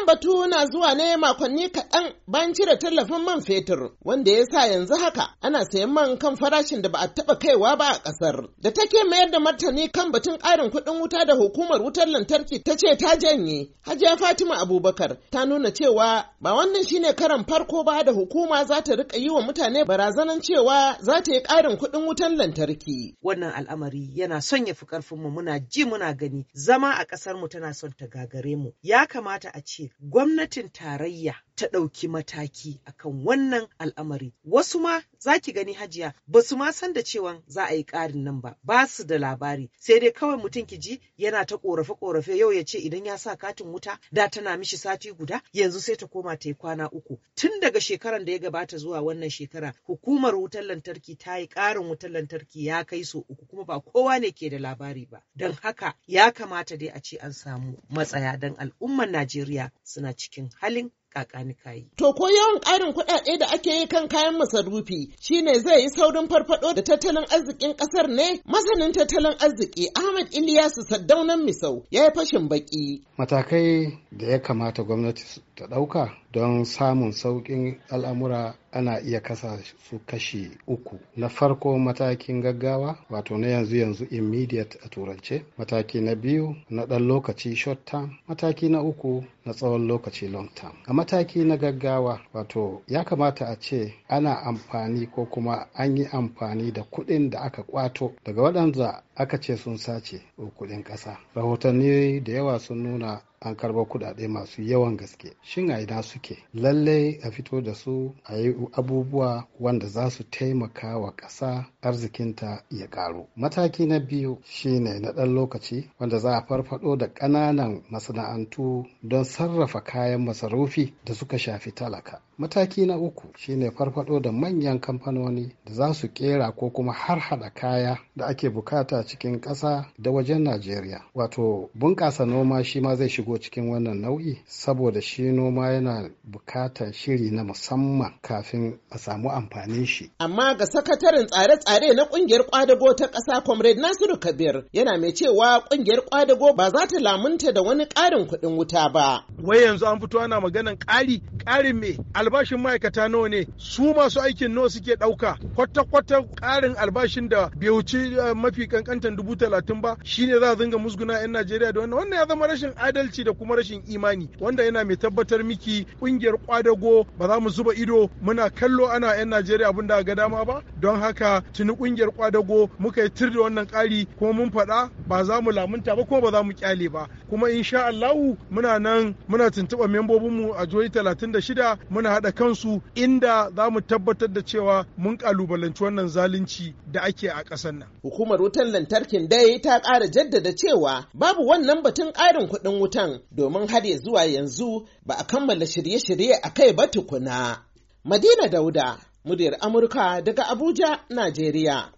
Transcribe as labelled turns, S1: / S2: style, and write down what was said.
S1: Wannan batu na zuwa ne makonni kaɗan bayan cire tallafin man fetur, wanda ya sa yanzu haka ana sayan man kan farashin da ba a taɓa kaiwa ba a ƙasar. Da take mayar da martani kan batun ƙarin kuɗin wuta da hukumar wutar lantarki ta ce ta janye. Hajiya Fatima Abubakar ta nuna cewa ba wannan shine karan farko ba da hukuma za ta riƙa yi wa mutane barazanan cewa za ta yi ƙarin kuɗin wutar lantarki.
S2: Wannan al'amari yana son ya fi ƙarfinmu muna ji muna gani zama a ƙasarmu tana son ta gagare mu. Ya kamata a ce gwamnatin tarayya ta ɗauki mataki akan wannan al'amari. Wasu ma za ki gani hajiya ba su ma san da cewa za a yi ƙarin nan ba, ba su da labari. Sai dai kawai mutum ki ji yana ta ƙorafe-ƙorafe yau ya ce idan ya sa katin wuta da tana mishi sati guda yanzu sai ta koma ta yi kwana uku. Tun daga shekaran da ya gabata zuwa wannan shekara hukumar wutar lantarki ta yi ƙarin wutar lantarki ya kai so uku kuma ba kowa ne ke da labari ba. Don haka ya kamata dai a ce an samu matsaya don al'umman Najeriya
S1: suna cikin halin
S2: kakani kayi.
S1: To ko yawan ƙarin kuɗaɗe da ake yi kan kayan masarufi shine zai yi saurin farfado da tattalin arzikin ƙasar ne? Masanin tattalin arziki Ahmad iliyasu Saddaunan Misau ya yi fashin baƙi.
S3: Matakai da ya kamata gwamnati ta ɗauka don samun sauƙin al'amura ana iya kasa su kashi uku na farko matakin gaggawa wato na yanzu yanzu immediate a turance mataki na biyu na ɗan lokaci short term mataki na uku na tsawon lokaci long term a mataki na gaggawa wato ya kamata a ce ana amfani ko kuma an yi amfani da kuɗin da aka kwato daga waɗanda aka ce sun sace kuɗin ƙasa rahotanni da yawa sun nuna an karbar kuɗaɗe masu yawan gaske shin a ina suke lallai a fito da su a yi abubuwa wanda za su taimaka wa ƙasa arzikinta ya ƙaru mataki na biyu shine na ɗan lokaci wanda za a farfado da ƙananan masana'antu don sarrafa kayan masarufi da suka shafi talaka mataki na uku shine farfado da manyan kamfanoni da za su kera ko kuma har hada kaya da ake bukata cikin ƙasa da wajen najeriya wato bunƙasa noma shi ma zai shigo cikin wannan nau'i saboda shi noma yana bukatar shiri na musamman kafin a samu amfanin shi
S1: amma ga sakataren tsare-tsare na ƙungiyar kwadago ta ƙasa comrade nasiru kabir yana mai cewa ƙungiyar kwadago ba za ta lamunta da wani ƙarin kuɗin wuta ba wai
S4: yanzu an fito ana maganan ƙari ƙarin me albashin ma'aikata nawa ne su masu aikin nawa suke ɗauka kwata-kwata ƙarin albashin da bai wuce eh, mafi kankantan dubu talatin ba shine za a dinga musguna 'yan Najeriya da wannan wannan ya zama rashin adalci da kuma rashin imani wanda yana mai tabbatar miki kungiyar kwadago ba za mu zuba ido muna kallo ana 'yan Najeriya abin da ga dama ba don haka tuni kungiyar kwadago muka yi tir da wannan kari kuma mun faɗa ba za mu lamunta ba kuma ba za mu kyale ba kuma in sha Allahu muna nan muna tuntuɓa membobinmu a jihohi 36 muna haɗa kansu inda za mu tabbatar da cewa mun kalubalanci wannan zalunci da ake a ƙasar nan. Hukumar wutar lantarkin dai
S1: ta ƙara jaddada cewa babu wannan batun ƙarin kuɗin wutan domin har ya zuwa yanzu ba a kammala shirye-shirye a kai ba tukuna. Madina Dauda, muryar Amurka daga Abuja, Najeriya.